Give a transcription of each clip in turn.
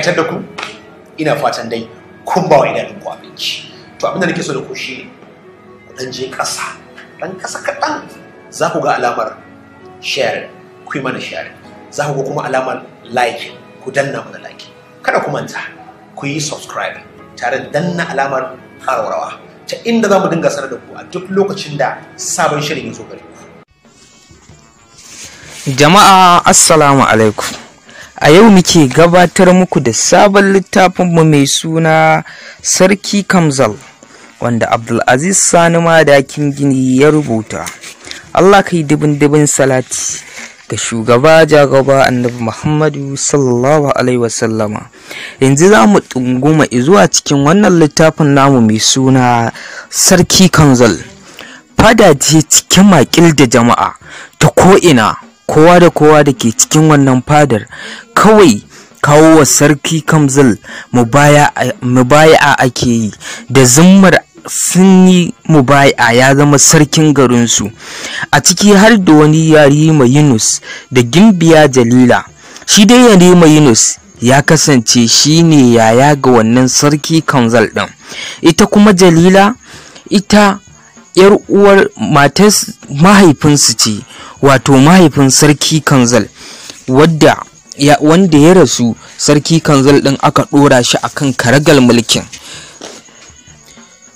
ƙayatar da ku ina fatan dai kun ba wa idanun ku abinci to abin da nake so da ku shi ku dan je ƙasa dan ƙasa kaɗan za ku ga alamar share ku yi mana share za ku ga kuma alamar like ku danna mana like kada ku manta ku yi subscribe tare da danna alamar ƙararrawa ta inda za mu dinga sanar da ku a duk lokacin da sabon shirin ya zo gare ku jama'a assalamu alaikum a yau muke gabatar muku da sabon littafinmu mai suna sarki kamzal wanda abdulaziz sani madakin gini ya rubuta allah kai dubin dubin salati ga shugaba jagaba annabi muhammadu sallallahu alaihi wasallama yanzu za mu tunguma zuwa cikin wannan littafin namu mai suna sarki kanzal fada ce cikin makil da jama'a ta ko'ina kowa da kowa da ke cikin wannan fadar kawai kawo wa sarki kamzil mubaya'a ake yi da zimmar sun yi mubaya ya zama sarkin garinsu a ciki har da wani yarima yunus da gimbiya jalila shi dai yarima yunus ya kasance shi ne yaya ga wannan sarki Kamzal ɗin ita kuma jalila ita yar uwar matar mahaifinsu ce wato mahaifin sarki kanzal wadda ya wanda ya rasu sarki kanzal din aka dora shi akan karagal mulkin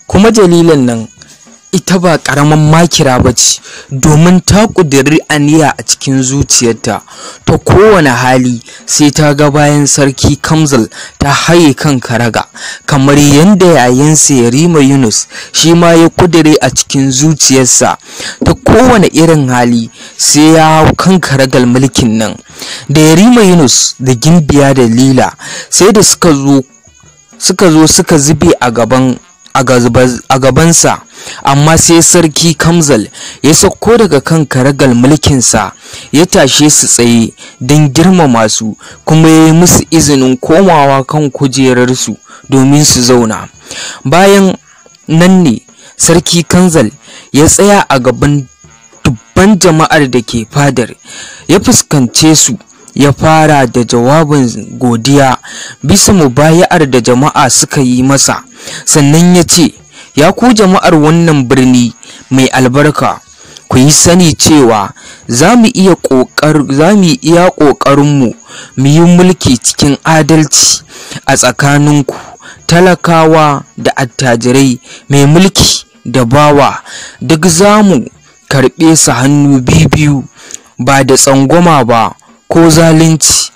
kuma jalilan nan ita ba ƙaramin makira ba ce domin ta ƙudiri aniya a cikin zuciyarta ta kowane hali sai ta ga bayan sarki kamzal ta haye kan karaga kamar yadda yayansa yarima yunus shi ma ya ƙudiri a cikin zuciyarsa ta kowane irin hali sai ya hau kan karagal mulkin nan da yarima yunus da gimbiya da lila sai da suka zo suka zo suka zube a gaban a gabansa amma sai sarki kamzal ya sauko daga kan karagal mulkinsa ya tashe su tsaye don girmama su kuma ya yi musu izinin komawa kan kujerarsu domin su zauna bayan nan ne sarki Kamzal ya tsaya a gaban dubban jama'ar da ke fadar ya fuskance su ya fara da jawabin godiya bisa mubaya'ar da jama'a suka yi masa sannan ya ce ya ku jama'ar wannan birni mai albarka ku yi sani cewa za mu iya ƙoƙarinmu mu yi mulki cikin adalci a tsakaninku talakawa da attajirai mai mulki da bawa duk zamu mu karɓe su hannu biyu ba da tsangwama ba ko zalunci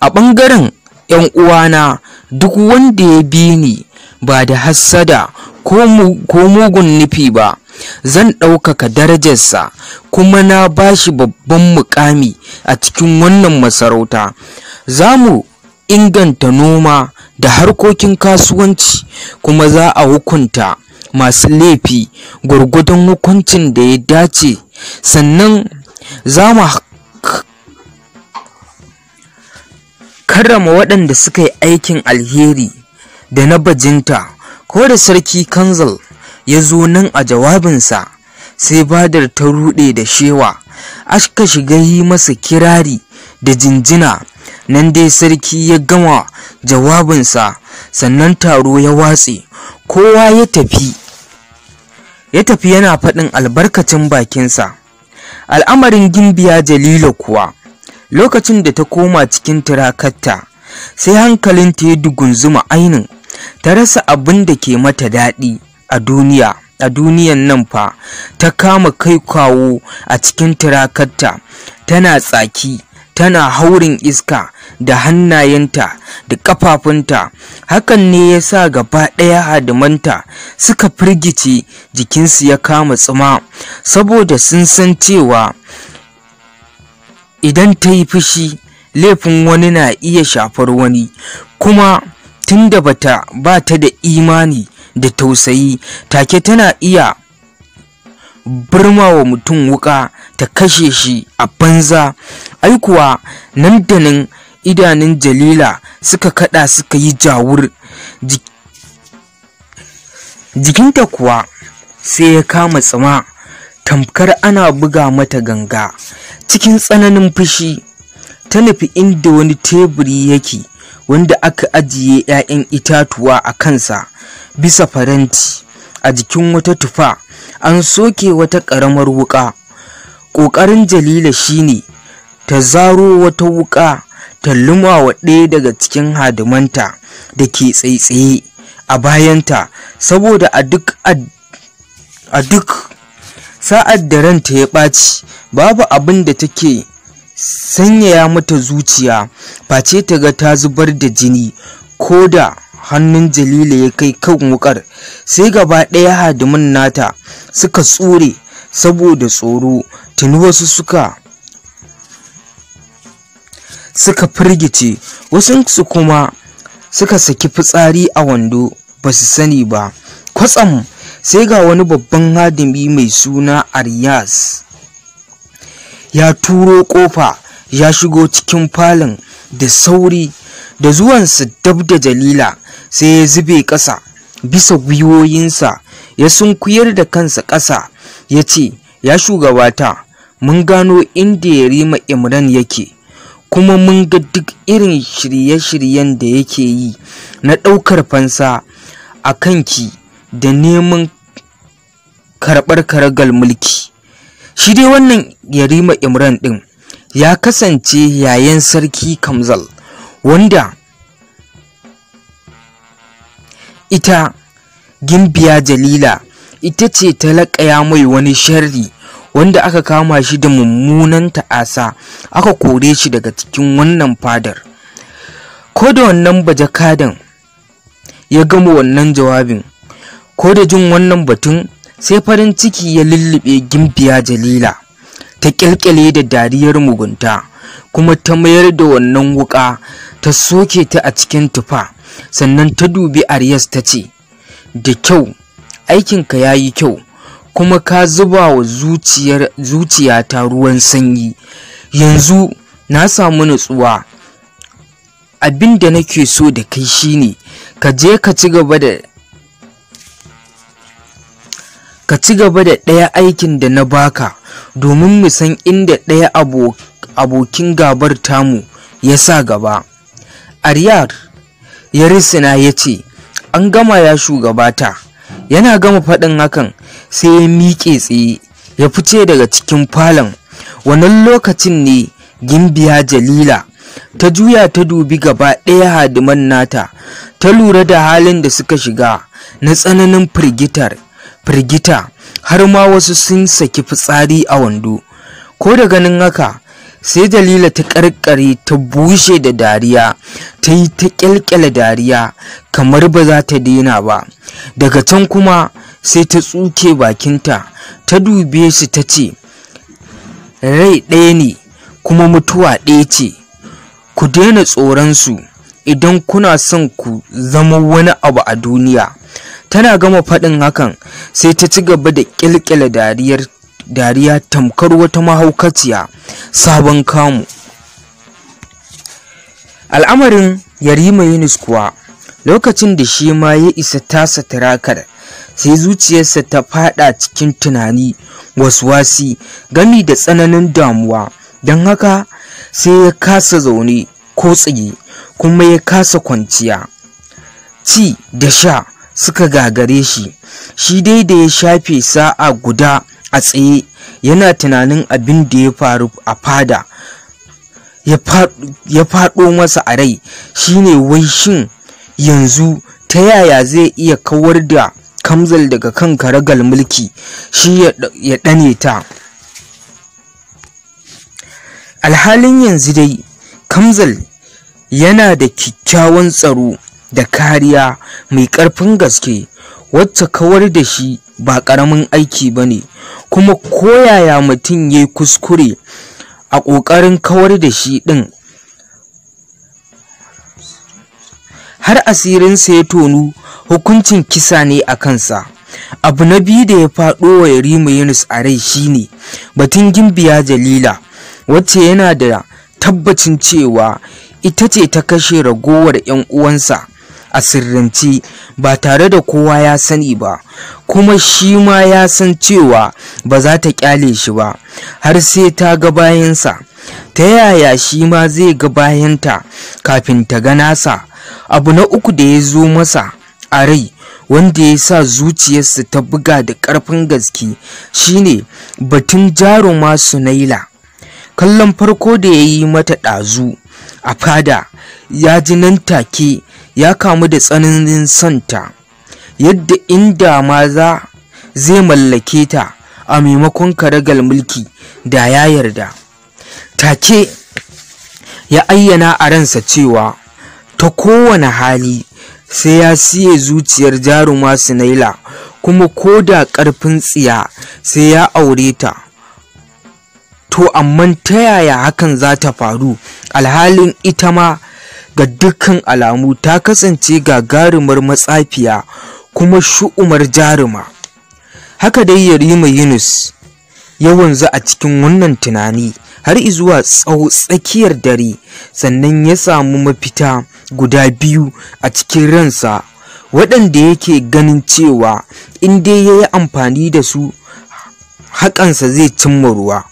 a ɓangaren 'yan uwana duk wanda ya bi ni ba da hassada ko mugun nufi ba zan ɗaukaka darajarsa kuma na ba shi babban mukami a cikin wannan masarauta za mu inganta noma da harkokin kasuwanci kuma za a hukunta masu laifi gwargwadon hukuncin da ya dace sannan za mu karrama waɗanda suka yi aikin alheri da na bajinta ko da sarki kanzal ya zo nan a jawabinsa sai badar ta ruɗe da shewa aka shiga yi masa kirari da jinjina nan dai sarki ya gama jawabinsa sannan taro ya watse kowa ya tafi ya tafi yana faɗin albarkacin bakinsa al'amarin gimbiya jalila kuwa lokacin da ta koma cikin tirakarta sai hankalinta ya dugunzuma ainin ta rasa abin da ke mata daɗi a duniya a duniyan nan fa ta kama kai kawo a cikin tirakarta tana tsaki tana haurin iska da hannayenta da ƙafafunta hakan ne ya sa gaba ɗaya hadimanta suka firgice jikinsu ya kama tsuma saboda sun san cewa idan ta yi fushi laifin wani na iya shafar wani kuma tunda bata ba ta da imani da tausayi take tana iya birmawa mutum wuka ta kashe shi a banza aikuwa nan da nan idanun jalila suka kada suka yi jawur jikinta kuwa sai ya kama tsama tamkar ana buga mata ganga cikin tsananin fushi ta nufi inda wani teburi yake wanda aka ajiye 'ya'yan itatuwa a kansa bisa faranti a jikin wata tufa an soke wata ƙaramar wuƙa ƙoƙarin jalila shine ta zaro wata wuƙa ta lumawa ɗaya daga cikin hadimanta da ke tsaitsaye a bayanta saboda a duk a duk sa'ad da ranta ya ɓaci babu abin da take sanyaya mata zuciya face ta ga ta zubar da jini ko da hannun jalila ya kai kan wukar sai gaba ɗaya hadimin nata suka tsure saboda tsoro tuni wasu suka suka firgice wasu kuma suka saki fitsari a wando ba su sani ba kwatsam sai ga wani babban hadimi mai suna aryas ya turo kofa ya shigo cikin falon da sauri da zuwansa dab da jalila sai ya zube ƙasa bisa gwiwoyinsa ya sunkuyar da kansa ƙasa ya ce ya shugabata mun gano inda yarima imran yake kuma mun ga duk irin shirye-shiryen da yake yi na ɗaukar fansa a kanki da neman karɓar karagal mulki shi dai wannan yarima imran ɗin ya kasance yayan sarki kamzal wanda ita gimbiya jalila ita ce ta laƙaya mai wani sharri wanda aka kama shi da mummunan ta'asa aka kore shi daga cikin wannan fadar ko da wannan kadan ya gama wannan jawabin ko da jin wannan batun sai farin ciki ya lullube gimbiya jalila ta kyalkyale da dariyar mugunta kuma ta mayar da wannan wuka ta soke ta a cikin tufa sannan ta dubi aryas ta ce da kyau aikinka ya yi kyau kuma ka zuba wa zuciyata ruwan sanyi yanzu na samu nutsuwa abin da nake so da kai shine ka je ka ci gaba da ka ci gaba da ɗaya aikin da na baka domin mu san inda ɗaya abokin gabar tamu ya sa gaba ariyar yarisina ya ce an gama ya shugabata yana gama faɗin hakan sai ya miƙe tsaye ya fice daga cikin falon wannan lokacin ne gimbiya jalila ta juya ta dubi gaba ɗaya hadiman nata ta lura da halin da suka shiga na tsananin firgitar firgita har ma wasu sun saki fitsari a wando ko da ganin haka sai dalila ta karkare ta bushe da dariya ta yi ta kyalkyala dariya kamar ba za ta daina ba daga can kuma sai ta tsuke bakinta ta dube shi ta ce rai ɗaya ne kuma mutuwa ɗaya ce ku daina tsoronsu idan kuna son ku zama wani abu a duniya tana gama faɗin hakan sai ta ci gaba da ƙilƙila dariyar dariya tamkar wata mahaukaciya sabon kamu al'amarin yarima yunus kuwa lokacin da shi ma ya isa tasa tirakar sai zuciyarsa ta fada cikin tunani wasu wasi gami da tsananin damuwa don haka sai ya kasa zaune ko tsaye kuma ya kasa kwanciya ci da sha suka gagare shi shi dai da ya shafe sa'a guda a tsaye yana tunanin abin da ya faru a fada ya faɗo masa a rai shine wai shin yanzu ta yaya zai iya kawar da kamzal daga kan karagal mulki shi ya ɗane ta alhalin yanzu dai kamzal yana da kyakkyawan tsaro da kariya mai ƙarfin gaske wacce kawar da shi ba ƙaramin aiki ba ne kuma koyaya mutum ya yi kuskure a ƙoƙarin kawar da shi ɗin har asirinsa ya tonu hukuncin kisa ne a kansa abu na biyu da ya faɗo wa yarima yunus a rai shine batun gimbiya jalila wacce yana da tabbacin cewa ita ce ta kashe ragowar 'yan uwansa a sirrance ba tare da kowa ya sani ba kuma shi ma ya san cewa ba za ta kyale shi ba har sai ta ga bayansa ta yaya shi ma zai ga bayanta kafin ta ga nasa abu na uku da ya zo masa a rai wanda ya sa zuciyarsa ta buga da ƙarfin gaske shine batun jaruma sunaila kallon farko da ya yi mata ɗazu a fada ya ji nan take ya kamu da tsananin santa yadda inda maza zai mallake ta a maimakon karagal mulki da ya yarda take ya ayyana a ransa cewa ta kowane hali sai ya siye zuciyar jaruma sinaila kuma ko da ƙarfin tsiya sai ya aure ta to amma ta yaya hakan za ta faru alhalin ita ma ga dukkan alamu ta kasance gagarumar matsafiya kuma shu'umar jaruma haka dai yarima yunus ya wanzu a cikin wannan tunani har izuwa tsawo tsakiyar dare sannan ya samu mafita guda biyu a cikin ransa waɗanda yake ganin cewa in dai ya yi amfani da su haƙansa zai cimma ruwa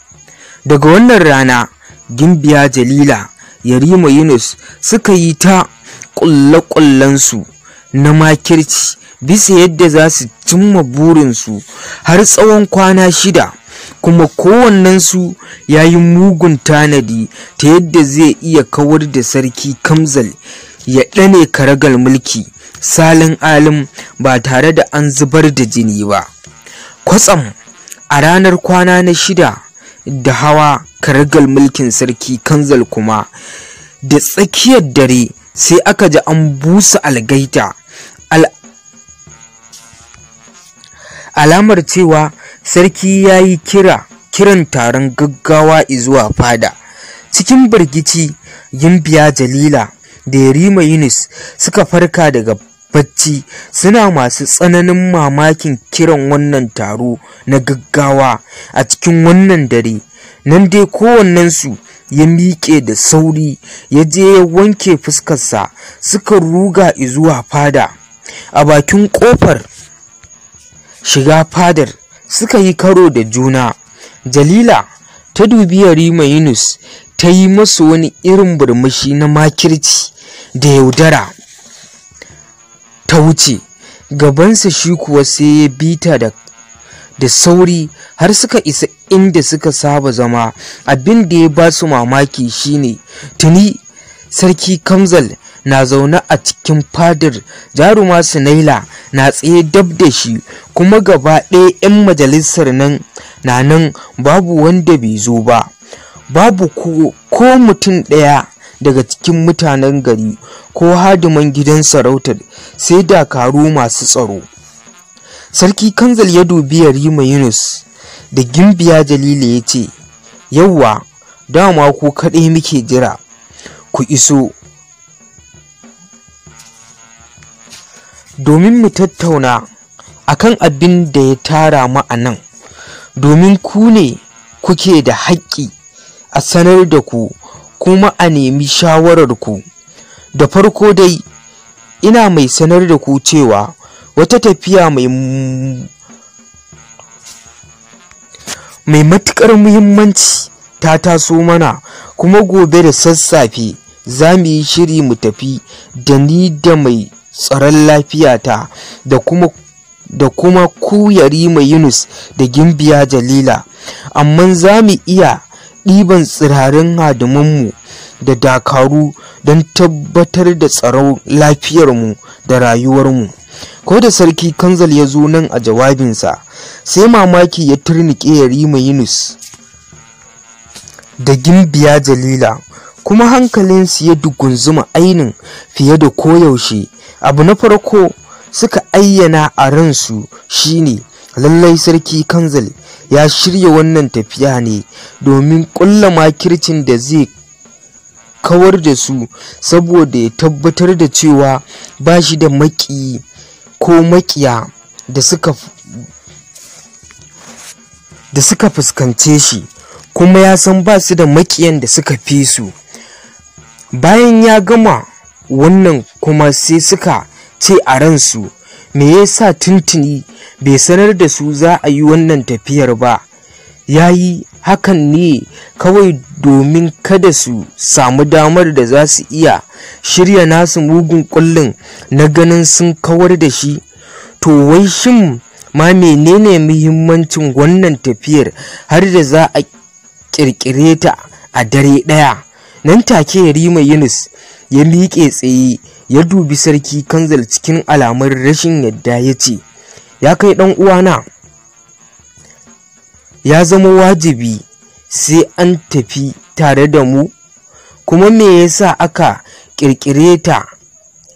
daga wannan rana gimbiya jalila yarima yunus suka yi ta ƙulle ƙullansu na makirci bisa yadda za su cimma burinsu har tsawon kwana shida kuma kowannensu ya yi mugun tanadi ta yadda zai iya kawar da sarki kamzal ya ɗane karagar mulki salin alim ba tare da an zubar da jini ba kwatsam a ranar kwana na shida da hawa karagal mulkin sarki kanzal kuma da tsakiyar dare sai aka ji an busa algaita alamar cewa sarki ya yi kira kiran taron gaggawa izuwa fada cikin birgici gimbiya jalila da yarima yunus suka farka daga bacci suna masu tsananin mamakin kiran wannan taro na gaggawa a cikin wannan dare nan dai kowannensu ya miƙe da sauri ya je ya wanke fuskarsa suka ruga zuwa fada a bakin ƙofar shiga fadar suka yi karo da juna jalila ta dubi yarima yunus ta yi masu wani irin burmushi na makirci da yaudara ta wuce gabansa shi kuwa sai ya bita da da sauri har suka isa inda suka saba zama abin da ya ba su mamaki shine tuni sarki kamzal na zaune a cikin fadar jaruma sunaila na tsaye dab da shi kuma gaba ɗaya 'yan majalisar nan na nan babu wanda bai zo ba babu ko mutum ɗaya daga cikin mutanen gari ko hadiman gidan sarautar sai dakaru masu tsaro sarki kanzal ya dubi yarima yunus da gimbiya jalila ya ce yauwa dama ku kaɗai muke jira ku iso domin mu tattauna akan abin da ya tara mu a nan domin ku ne kuke da haƙƙi a sanar da ku kuma a nemi shawarar ku da farko dai ina mai sanar da ku cewa wata tafiya mai mai matuƙar muhimmanci ta taso mana kuma gobe da sassafe za mu yi shiri mu tafi da ni da mai tsaron lafiyata da kuma da kuma ku yarima yunus da gimbiya jalila amma za mu iya ɗiban tsirarin mu da dakaru don tabbatar da tsaron lafiyarmu da rayuwarmu ko da sarki kanzal ya zo nan a jawabinsa sai mamaki ya turnike ya rima yunus da gimbiya jalila kuma hankalinsu ya dugunzuma ainin fiye da koyaushe abu na farko suka ayyana a ransu shine lallai sarki kanzal ya shirya wannan tafiya ne domin ƙulla makircin da zai kawar da su saboda ya tabbatar da cewa ba shi da maki ko makiya da suka fuskance shi kuma ya san ba su da makiyan da suka fi su bayan ya gama wannan kuma sai suka ce a ransu me yasa tuntuni bai sanar da su za a yi wannan tafiyar ba ya yi hakan ne kawai domin kada su samu damar da za su iya shirya nasu mugun kullum na ganin sun kawar da shi to wai shin ma menene muhimmancin wannan tafiyar har da za a kirkire ta a dare ɗaya nan take rima yunus ya miƙe tsaye ya dubi sarki kanzal cikin alamar rashin yadda ya ce ya kai ɗan uwana ya zama wajibi sai an tafi tare da mu kuma me yasa aka ƙirƙire ta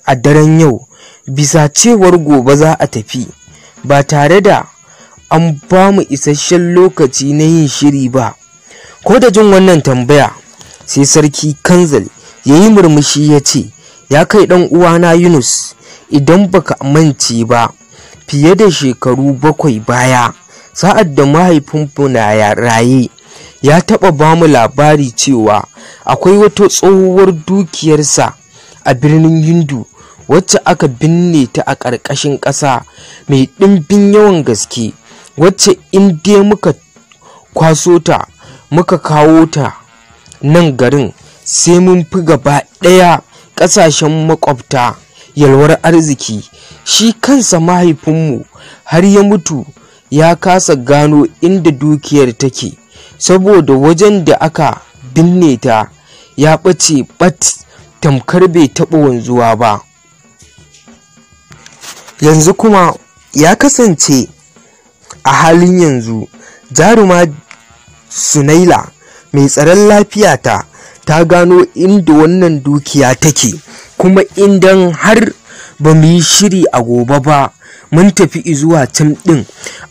a daren yau bisa cewar gobe za a tafi ba tare da an ba mu isasshen lokaci na yin shiri ba ko da jin wannan tambaya sai sarki kanzal ya yi murmushi ya ce ya kai ɗan uwana yunus idan baka mance ba fiye da shekaru bakwai baya sa'ad da mahaifinmu na raye ya taɓa ba mu labari cewa akwai wata tsohuwar dukiyarsa a birnin hindu wacce aka binne ta a ƙarƙashin ƙasa mai ɗimbin yawan gaske wacce in dai muka kwaso ta muka kawo ta nan garin sai mun fi gaba ɗaya kasashen makwabta yalwar arziki shi kansa mahaifinmu har ya mutu ya kasa gano inda dukiyar take saboda wajen da aka binne ta ya ɓace bat tamkar bai taɓa wanzuwa ba yanzu kuma ya kasance a halin yanzu jaruma sunaila mai tsaron lafiya ta. ta gano inda wannan dukiya take kuma idan har ba mu yi shiri a gobe ba mun tafi zuwa can ɗin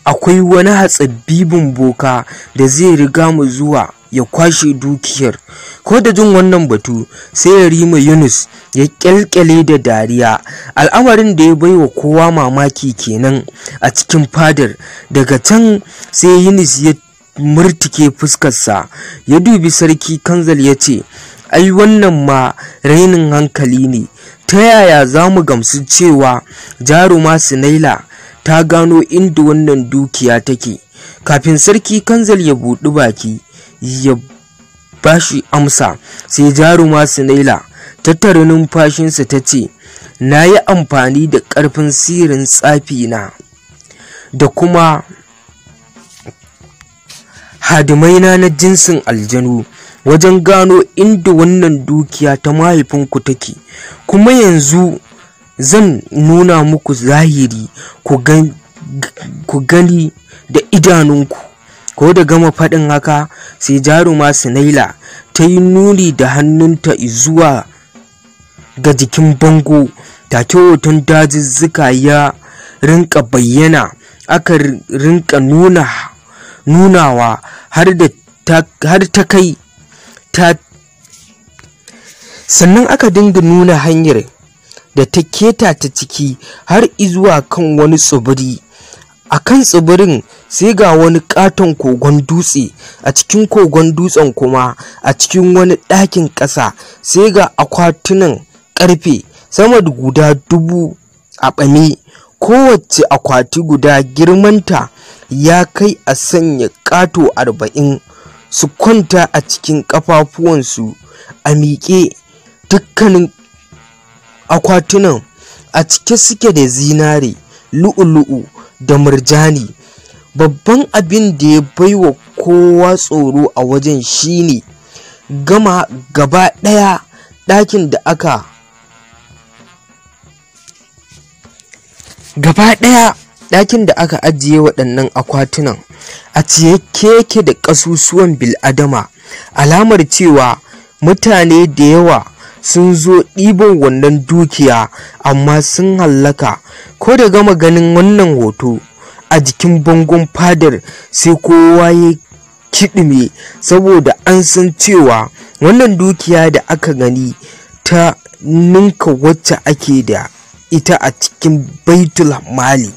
akwai wani hatsabibin boka da zai riga mu zuwa ya kwashe dukiyar ko da jin wannan batu sai ya rima yunus ya kyalkyale da dariya al'amarin da ya baiwa kowa mamaki kenan a cikin fadar daga can sai yunus ya murtike fuskarsa ya dubi sarki kanzal ya ce ai wannan ma rainin hankali ne ta yaya za mu gamsu cewa jaruma sinaila ta gano inda wannan dukiya take kafin sarki kanzal ya buɗi baki ya bashi amsa sai jaruma sinaila ta tare numfashinsa ta ce na yi amfani da ƙarfin sirin tsafi na da kuma hadimai na na jinsin aljanu wajen gano inda wannan dukiya ta mahaifinku take kuma yanzu zan nuna muku zahiri ku gani da idanunku ko da gama faɗin haka sai jaruma sinaila ta yi nuni da hannunta zuwa ga jikin bango take hoton dazuzzuka ya rinka bayyana aka rinka nuna nunawa har ta kai ta sannan aka dinga nuna hanyar da ta keta ta ciki har izuwa kan wani tsibiri a kan tsibirin sai ga wani katon kogon dutse a cikin kogon dutsen kuma a cikin wani ɗakin ƙasa sai ga akwatunan ƙarfe sama da guda dubu a ɓane kowace akwati guda girmanta ya kai a sanya ƙato arba'in su kwanta a cikin ƙafafuwansu a miƙe dukkanin akwatunan a cike suke da zinare lu'ulu'u da murjani babban abin da ya baiwa kowa tsoro a wajen shine gama gaba ɗaya ɗakin da aka gaba ɗaya ɗakin da aka ajiye waɗannan akwatunan a ciye keke da ƙasusuwan bil'adama alamar cewa mutane da yawa sun zo ɗiban wannan dukiya amma sun hallaka ko da gama ganin wannan hoto a jikin bangon fadar sai kowa ya kiɗime saboda an san cewa wannan dukiya da aka gani ta ninka wacce ake da ita a cikin baitul mali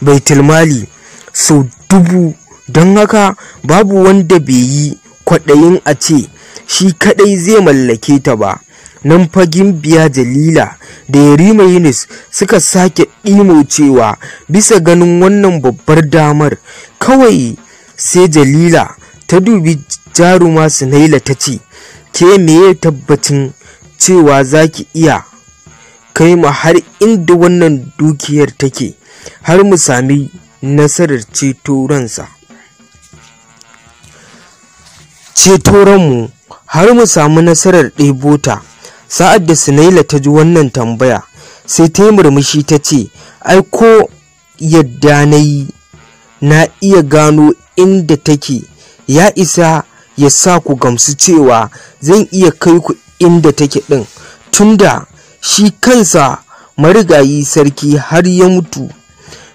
baitulmali sau dubu don haka babu wanda bai yi kwaɗayin a ce shi kaɗai zai mallake ta ba nan fagin biya jalila da yarima yunis suka sake ɗimo cewa bisa ganin wannan babbar damar kawai sai jalila ta dubi jaruma sunaila ta ce ke meye tabbacin cewa za ki iya kai ma har inda wannan dukiyar take har mu sami nasarar ceto ransa ceto ranmu har mu samu nasarar ɗebo ta sa'ad da sinaila ta ji wannan tambaya sai ta yi murmushi ta ce ai ko yadda na yi na iya gano inda take ya isa ya sa ku gamsu cewa zan iya kai ku inda take ɗin tunda shi kansa marigayi sarki har ya mutu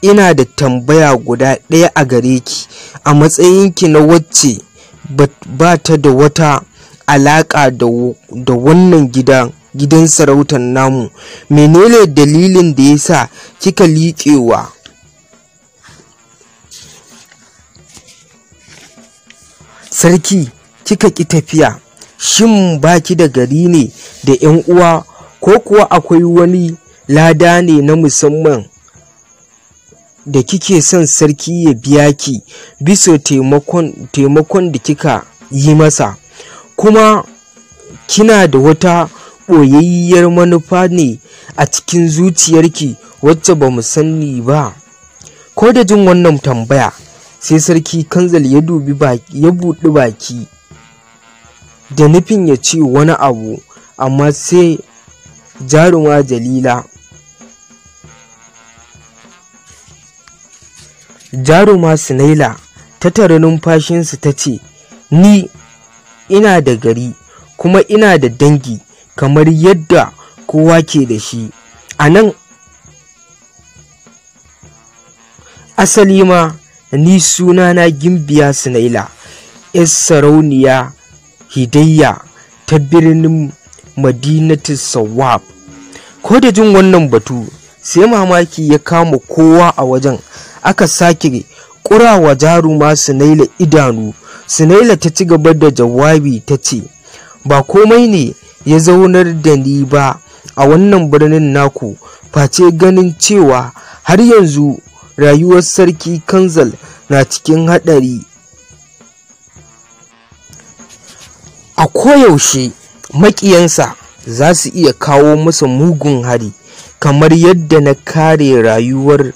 ina da tambaya guda ɗaya a gare ki a matsayinki na wacce ba ta da wata alaƙa da wannan gidan gidan sarautar namu menene dalilin da ya sa kika liƙewa sarki kika ki tafiya shin baki da gari ne da 'yan uwa ko kuwa akwai wani lada ne na musamman da kike son sarki ya biya ki bisa taimakon da kika yi masa kuma kina da wata ɓoyayyiyar manufa ne a cikin zuciyarki wacce ba mu sani ba ko da jin wannan tambaya sai sarki kanzal ya dubi ya buɗi baki da nufin ya ce wani abu amma sai jaruma jalila jaruma sinaila ta tare numfashinsu ta ce ni ina da gari kuma ina da dangi kamar yadda kowa ke da shi a nan asali ma ni sunana gimbiya sinaila yar sarauniya hidayya ta birnin madinatu sawab ko da jin wannan batu sai mamaki ya kama kowa a wajen aka sake ƙurawa jaruma Sunaila idanu Sunaila ta ci gaba da jawabi ta ce ba komai ne ya zaunar da ni ba a wannan birnin naku face ganin cewa har yanzu rayuwar sarki kanzal na cikin haɗari a koyaushe maƙiyansa za su iya kawo masa mugun hari kamar yadda na kare rayuwar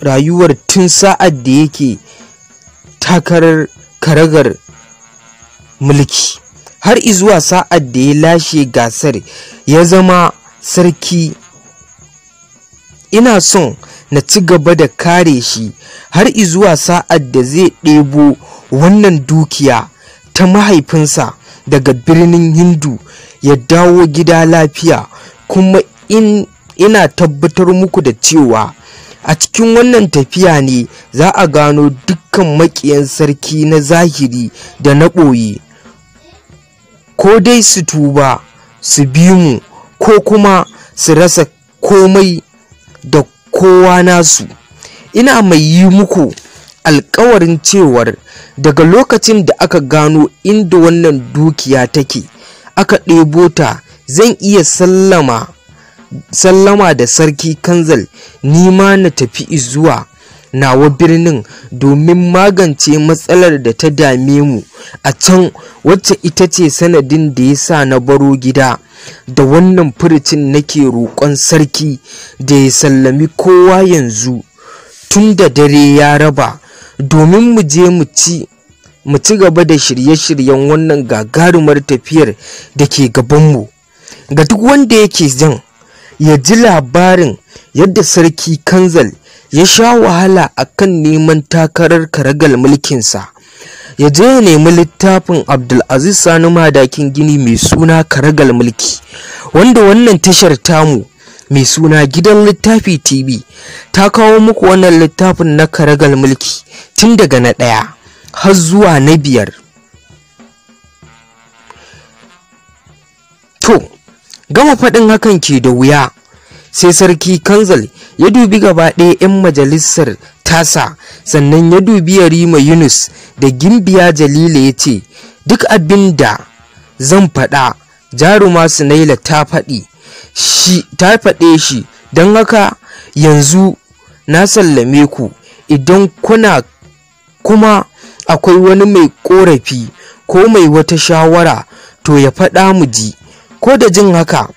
rayuwar tun sa'ad da yake takarar karagar mulki har izuwa sa'ad da ya lashe gasar ya zama sarki ina son na ci gaba da kare shi har izuwa sa'ad da zai ɗebo wannan dukiya ta mahaifinsa daga birnin hindu ya dawo gida lafiya kuma in ina tabbatar muku da cewa a cikin wannan tafiya ne za a gano dukkan makiyan sarki na zahiri da na ɓoye ko dai su tuba su bi mu ko kuma su rasa komai da kowa nasu ina mai yi muku alkawarin cewar daga lokacin da aka gano inda wannan dukiya take aka ɗebo ta zan iya sallama sallama da sarki kanzal nima na tafi zuwa nawa birnin domin magance matsalar da ta dame mu a can wacce ita ce sanadin da ya sa na baro gida da wannan furicin nake roƙon sarki da ya sallami kowa yanzu tun da dare ya raba domin mu je mu ci mu ci gaba da shirye-shiryen wannan gagarumar tafiyar da ke gabanmu ga duk wanda yake jan ya ji labarin yadda sarki kanzal ya sha wahala a kan neman takarar karagal mulkinsa ya je ya nemi littafin abdulaziz sani madakin gini mai suna karagal mulki wanda wannan tashar tamu mai suna gidan littafi tv ta kawo muku wannan littafin na karagal mulki tun daga na ɗaya har zuwa na biyar to gama faɗin hakan ke da wuya sai sarki kanzal ya dubi gaba ɗaya 'yan majalisar tasa sannan ya dubi yarima yunus da gimbiya jalila ya ce duk abin da zan faɗa jaruma sunaila ta faɗi shi ta faɗe shi don haka yanzu na sallame ku idan kuna kuma akwai wani mai ƙorafi ko mai wata shawara to ya faɗa mu ji ko da jin haka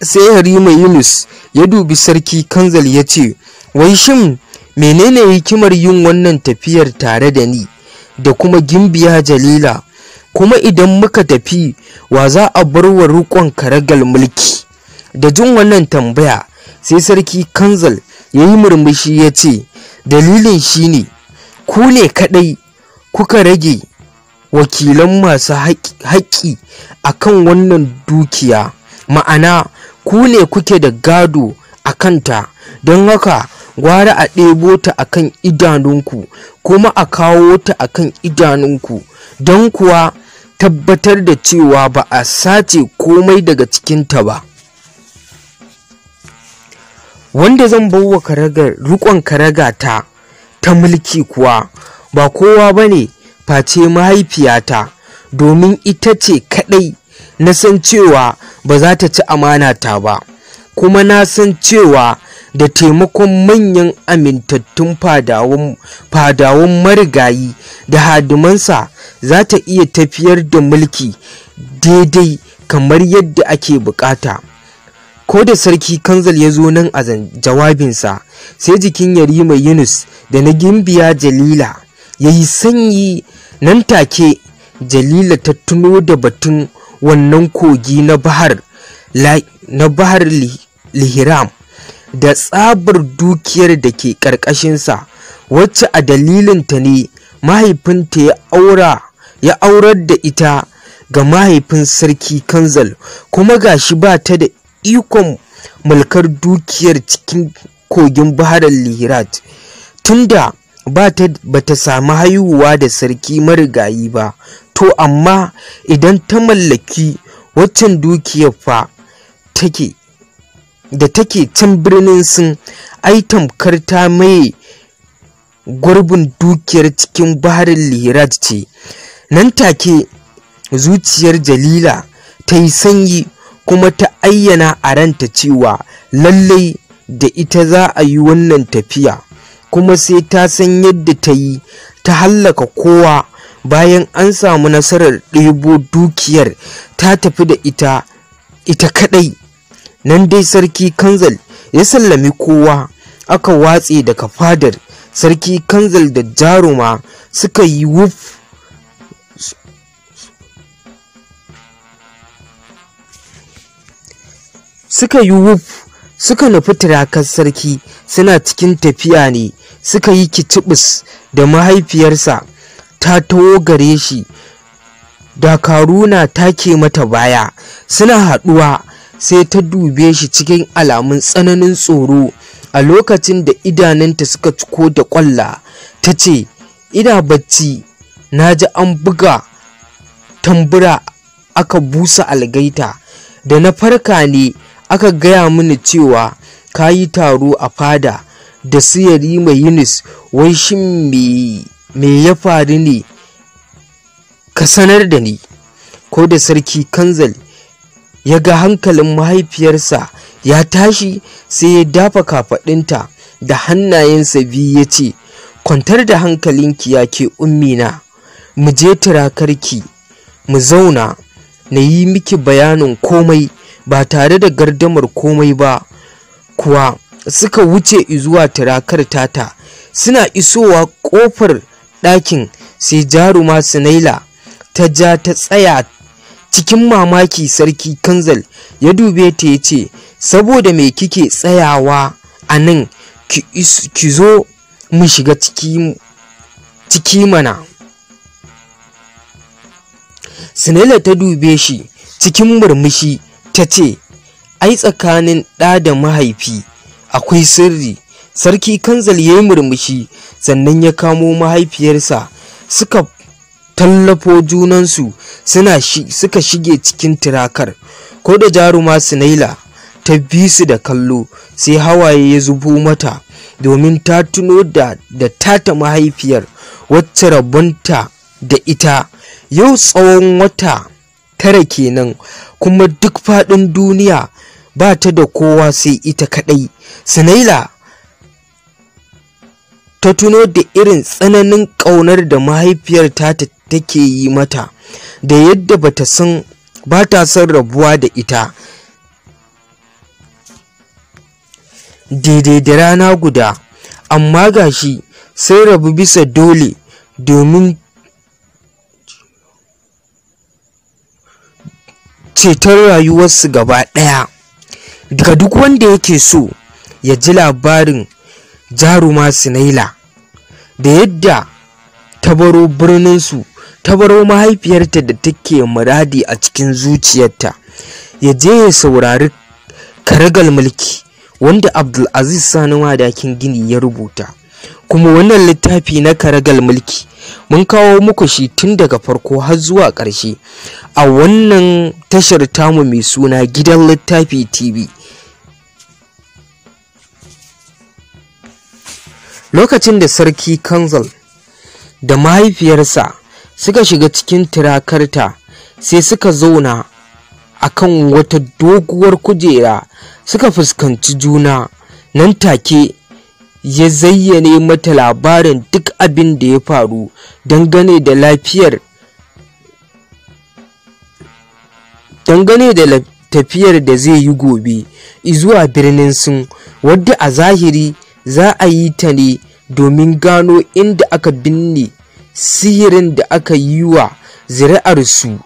sai harima yunus ya dubi sarki kanzal ya ce wai shin menene hikimar yin wannan tafiyar tare da ni da kuma gimbiya jalila kuma idan muka tafi wa za a bar wa rukon karagal mulki da jin wannan tambaya sai sarki kanzal ya yi murmushi ya ce dalilin shi ne. ku ne kadai kuka rage wakilan masu haƙƙi a kan wannan dukiya ma'ana ku ne kuke da gado a kanta don haka gwara a ɗebo ta a kan idanunku kuma a kawo ta a kan idanunku don kuwa tabbatar da cewa ba a sace komai daga cikinta ba wanda zan bawa karagar rikon karaga ta ta mulki kuwa ba kowa ba ne face mahaifiyata domin ita ce kaɗai na san cewa ba za ta ci amanata ba kuma na san cewa da taimakon manyan amintattun fadawan marigayi da hadimansa za ta iya tafiyar da mulki daidai kamar yadda ake bukata ko da sarki kanzal ya zo nan a jawabinsa sai jikin yarima yunus da na gimbiya jalila ya yi sanyi nan take jalila ta tuno da batun wannan kogi na bahar na bahar lihiram da tsabar dukiyar da ke ƙarƙashinsa wacce a dalilinta ne mahaifinta ya aura ya aurar da ita ga mahaifin sarki kanzal kuma ga shi ba ta da ikon mulkar dukiyar cikin kogin Bahar lihirat tunda ba ta samu haihuwa da sarki marigayi ba to amma idan ta mallaki waccan dukiyar fa take da take can birnin sun ai tamkar ta mai gurbin dukiyar cikin baharin liraj ce nan take zuciyar jalila ta yi sanyi kuma ta ayyana a ranta cewa lallai da ita za a yi wannan tafiya kuma sai ta san yadda ta yi ta hallaka kowa bayan an samu nasarar ɗebo dukiyar ta tafi da ita ita kaɗai nan dai sarki kanzal ya sallami kowa aka watse daga fadar sarki kanzal da jaruma suka yi wuf suka yi wuf suka nufi turakar sarki suna cikin tafiya ne suka yi kitubus da mahaifiyarsa ta tawo gare shi dakaru na take mata baya suna haɗuwa sai ta dube shi cikin alamun tsananin tsoro a lokacin da idanunta suka ciko da ƙwalla ta ce ina bacci na ji an buga tambura aka busa algaita da na farka ne aka gaya mini cewa ka yi taro a fada da siyari mai yunis wai shin me ya faru ne ka sanar da ni ko da sarki kanzal ya ga hankalin mahaifiyarsa ya tashi sai ya dafa kafaɗinta da hannayensa biyu ya ce kwantar da hankalinki ya ke ummina mu je turakarki mu zauna na yi miki bayanin komai ba tare da gardamar komai ba kuwa suka wuce zuwa turakar tata suna isowa ƙofar ɗakin sai jaruma sinaila ta ja ta tsaya cikin mamaki sarki kanzal ya dube ta ya ce saboda me kike tsayawa a nan ki zo mu shiga ciki mana sinaila ta dube shi cikin murmushi ta ce ai tsakanin ɗa da mahaifi akwai sirri sarki kanzal ya yi murmushi sannan ya kamo mahaifiyarsa suka tallafo junansu suna suka shige cikin tirakar ko da jaruma sunaila ta bi su da kallo sai hawaye ya zubo mata domin ta tuno da da tata mahaifiyar wacce rabonta da ita yau tsawon wata tara kenan kuma duk faɗin duniya ba ta da kowa sai ita kaɗai Sinaila ta tuno da irin tsananin ƙaunar da mahaifiyarta ta take yi mata da yadda bata san ba ta son rabuwa da ita daidai da rana guda amma gashi sai rabu bisa dole domin ceton rayuwarsu gaba ɗaya daga duk wanda yake so ya ji labarin jaruma sinaila da yadda ta baro birninsu ta baro mahaifiyarta da take muradi a cikin zuciyarta ya je ya saurari karagal mulki wanda abdulaziz sani madakin gini ya rubuta kuma wannan littafi na karagal mulki mun kawo muku shi tun daga farko har zuwa ƙarshe a wannan tashar tamu mai suna gidan littafi tv lokacin da sarki kanzal da mahaifiyarsa suka shiga cikin tirakarta sai suka zauna a kan wata doguwar kujera suka fuskanci juna nan take ya zayyane mata labarin duk abin da ya faru dangane da lafiyar dangane da tafiyar da zai yi gobe zuwa birnin sun wadda a zahiri za a yi ta ne domin gano inda aka binne sihirin da aka yi wa zuri'ar su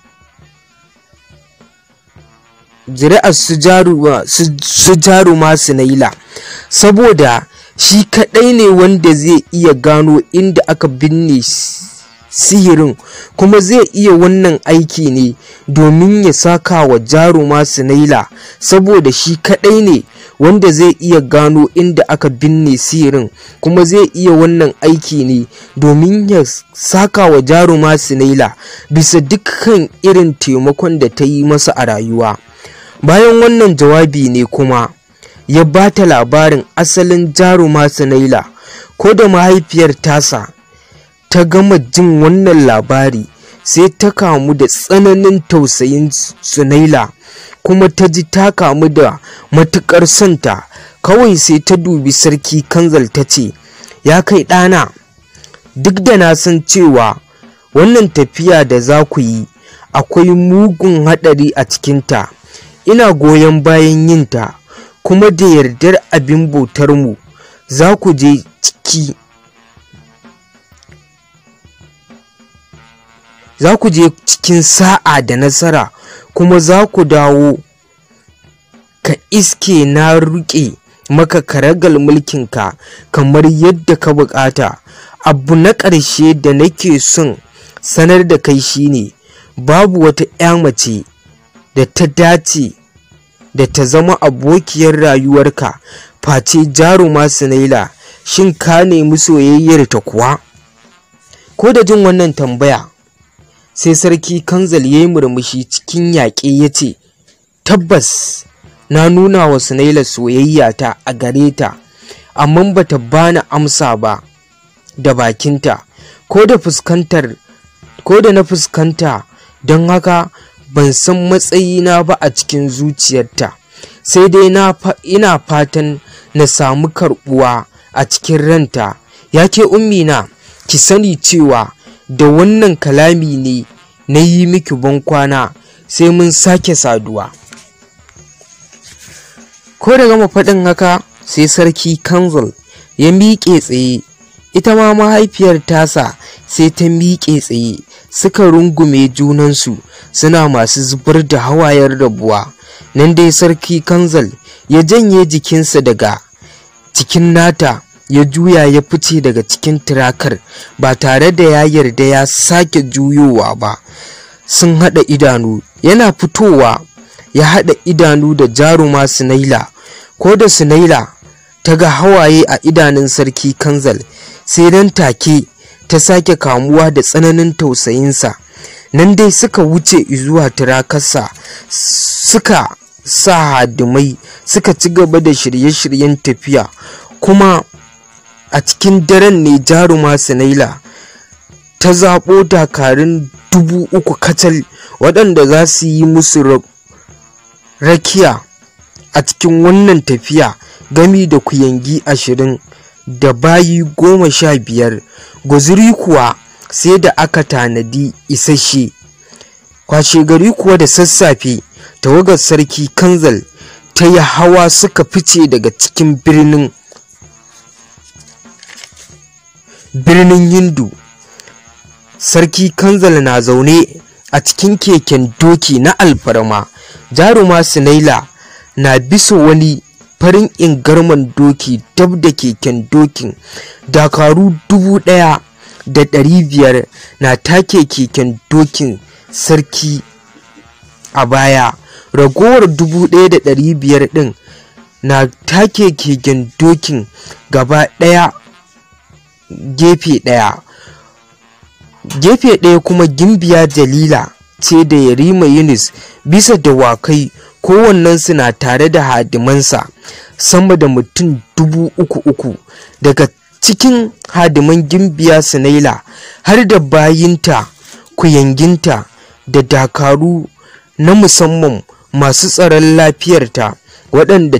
zuri'ar su jaruma su naila saboda shi kaɗai ne wanda zai iya gano inda aka binne sihirin kuma zai iya wannan aiki ne domin ya saka wa jaruma sinaila saboda shi kaɗai ne wanda zai iya gano inda aka binne sihirin kuma zai iya wannan aiki ne domin ya saka wa jaruma sinaila bisa dukkan irin taimakon da ta yi masa a rayuwa bayan wannan jawabi ne kuma ya ba ta labarin asalin jaruma sanaila ko da mahaifiyar tasa ta gama jin wannan labari sai ta kamu da tsananin tausayin sunaila kuma ta ji ta kamu da matuƙar santa kawai sai ta dubi sarki kanzal ta ce ya kai ɗana duk da na san cewa wannan tafiya da za ku yi akwai mugun haɗari a cikinta ina goyon bayan yinta kuma da yardar abin mu za ku je ciki za ku je cikin sa'a da nasara kuma za ku dawo ka iske na ruƙe maka karagal mulkinka kamar yadda ka bukata abu na ƙarshe da nake son sanar da kai shine babu wata 'ya mace da ta dace da ta zama abokiyar rayuwarka face jaruma sinaila shin ka nemi soyayyar ta kuwa ko da jin wannan tambaya sai sarki kanzal ya yi murmushi cikin yaƙe ya ce tabbas na nuna wa sinaila soyayyata a gare ta amma ta bani amsa ba da bakinta ko da na fuskanta don haka ban san matsayina ba a cikin zuciyarta sai dai ina fatan na samu karbuwa a cikin ranta ya ke ummina ki sani cewa da wannan kalami ne na yi miki bankwana sai mun sake saduwa ko da gama faɗin haka sai sarki kanzul ya miƙe tsaye ita ma mahaifiyar tasa sai ta miƙe tsaye suka rungume junansu suna masu zubar da hawayen rabuwa nan dai sarki kanzal ya janye jikinsa daga cikin nata ya juya ya fice daga cikin tirakar ba tare da ya yarda ya sake juyowa ba sun haɗa idanu yana fitowa ya haɗa idanu da jaruma sinaila ko da sinaila ta ga hawaye a idanun sarki kanzal sai nan take ta sake kamuwa da tsananin tausayinsa nan dai suka wuce zuwa turakarsa suka sa hadimai suka ci gaba da shirye-shiryen tafiya kuma a cikin daren ne jaruma sinaila ta zaɓo dakarun dubu uku kacal waɗanda za su yi musu rakiya a cikin wannan tafiya gami da kuyangi ashirin da bayi goma sha biyar guzuri kuwa sai da aka tanadi isasshe kwashe gari kuwa da sassafe tawagar sarki kanzal ta yi hawa suka fice daga cikin birnin birnin hindu sarki kanzal na zaune a cikin keken doki na alfarma jaruma sinaila na biso wani farin ingarman doki dab da keken dokin dakaru dubu ɗaya da ɗari biyar na take keken dokin sarki a baya ragowar dubu ɗaya da ɗari biyar ɗin na take keken dokin gaba ɗaya gefe ɗaya gefe ɗaya kuma gimbiya jalila ce da yarima yunis bisa dawakai kowannensu na tare da hadimansa sama da mutum dubu uku uku daga cikin hadiman gimbiya sinaila har da bayinta kuyanginta da dakaru na musamman masu tsaron lafiyarta waɗanda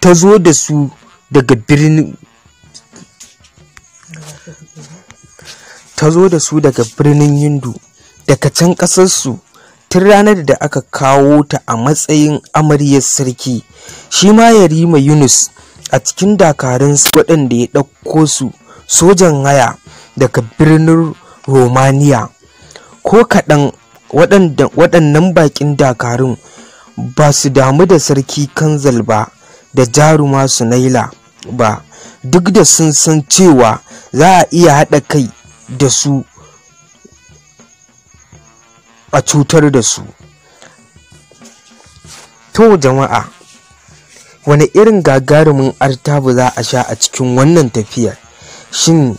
ta zo da su daga birnin ta zo da su daga birnin yindu daga can ƙasarsu tun ranar da aka kawo ta a matsayin amaryar sarki shi ma yarima yunus a cikin dakarun waɗanda ya ɗauko su sojan haya daga birnin romania ko kaɗan waɗannan baƙin dakarun ba su damu da sarki kanzal ba da jaruma su naila ba duk da sun san cewa za a iya haɗa kai da su a cutar da su to jama'a wani irin gagarumin artabu za a sha a cikin wannan tafiyar shin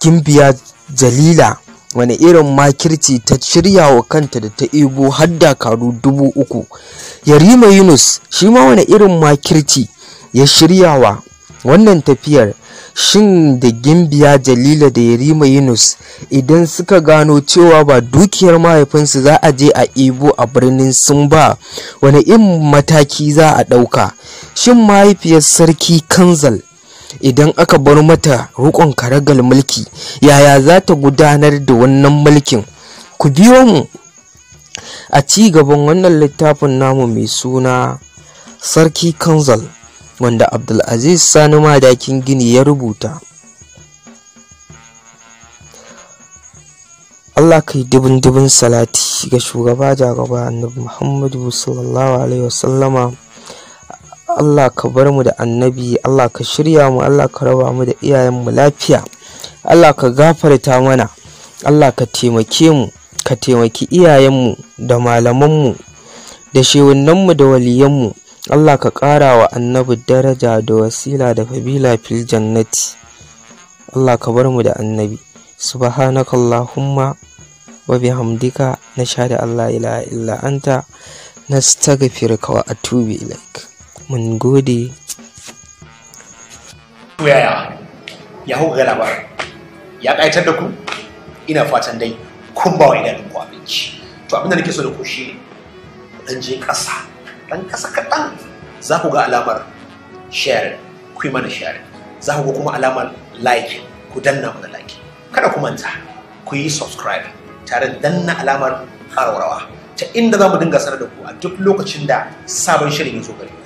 gimbiya jalila wani irin makirci ta shirya wa kanta da ta ibo har dakaru dubu uku yarima yunus shi ma wani irin makirci ya shirya wa wannan tafiyar shin da gimbiya jalila da yarima yunus idan suka gano cewa ba dukiyar mahaifinsu za a je a ibo a birnin sun ba wani in mataki za a ɗauka shin mahaifiyar sarki kanzal idan aka bar mata rukon karagal mulki yaya za ta gudanar da wannan mulkin ku biyo mu a ci gaban wannan littafin namu mai suna sarki kanzal wanda abdulaziz sani madakin gini ya rubuta Allah kai dubin dubin salati ga shugaba jagaba annabi Muhammadu sallallahu alaihi wasallama Allah ka bar mu da annabi Allah ka shirya mu Allah ka raba mu da iyayen mu lafiya Allah ka gafarta mana Allah ka taimake mu ka taimaki iyayen mu da malaman mu da shewunan mu da waliyan mu Allah ka ƙara wa annabi daraja da wasila da fabila fil jannati Allah ka bar mu da annabi subhanaka allahumma wa bihamdika nashhadu an la ilaha illa anta nastaghfiruka wa atubu ilaik mun gode ya ya hau ga labar ya ƙaitar da ku ina fatan dai kun ba wa idanun ku abinci to abin da nake so da ku shi ɗan je ƙasa ɗan ƙasa kaɗan za ku ga alamar sharing ku yi mana sharing za ku ga kuma alamar like ku danna mana like kada ku manta ku yi subscribe tare da danna alamar ƙararrawa ta inda za mu dinga sanar da ku a duk lokacin da sabon shirin ya zo gare ku.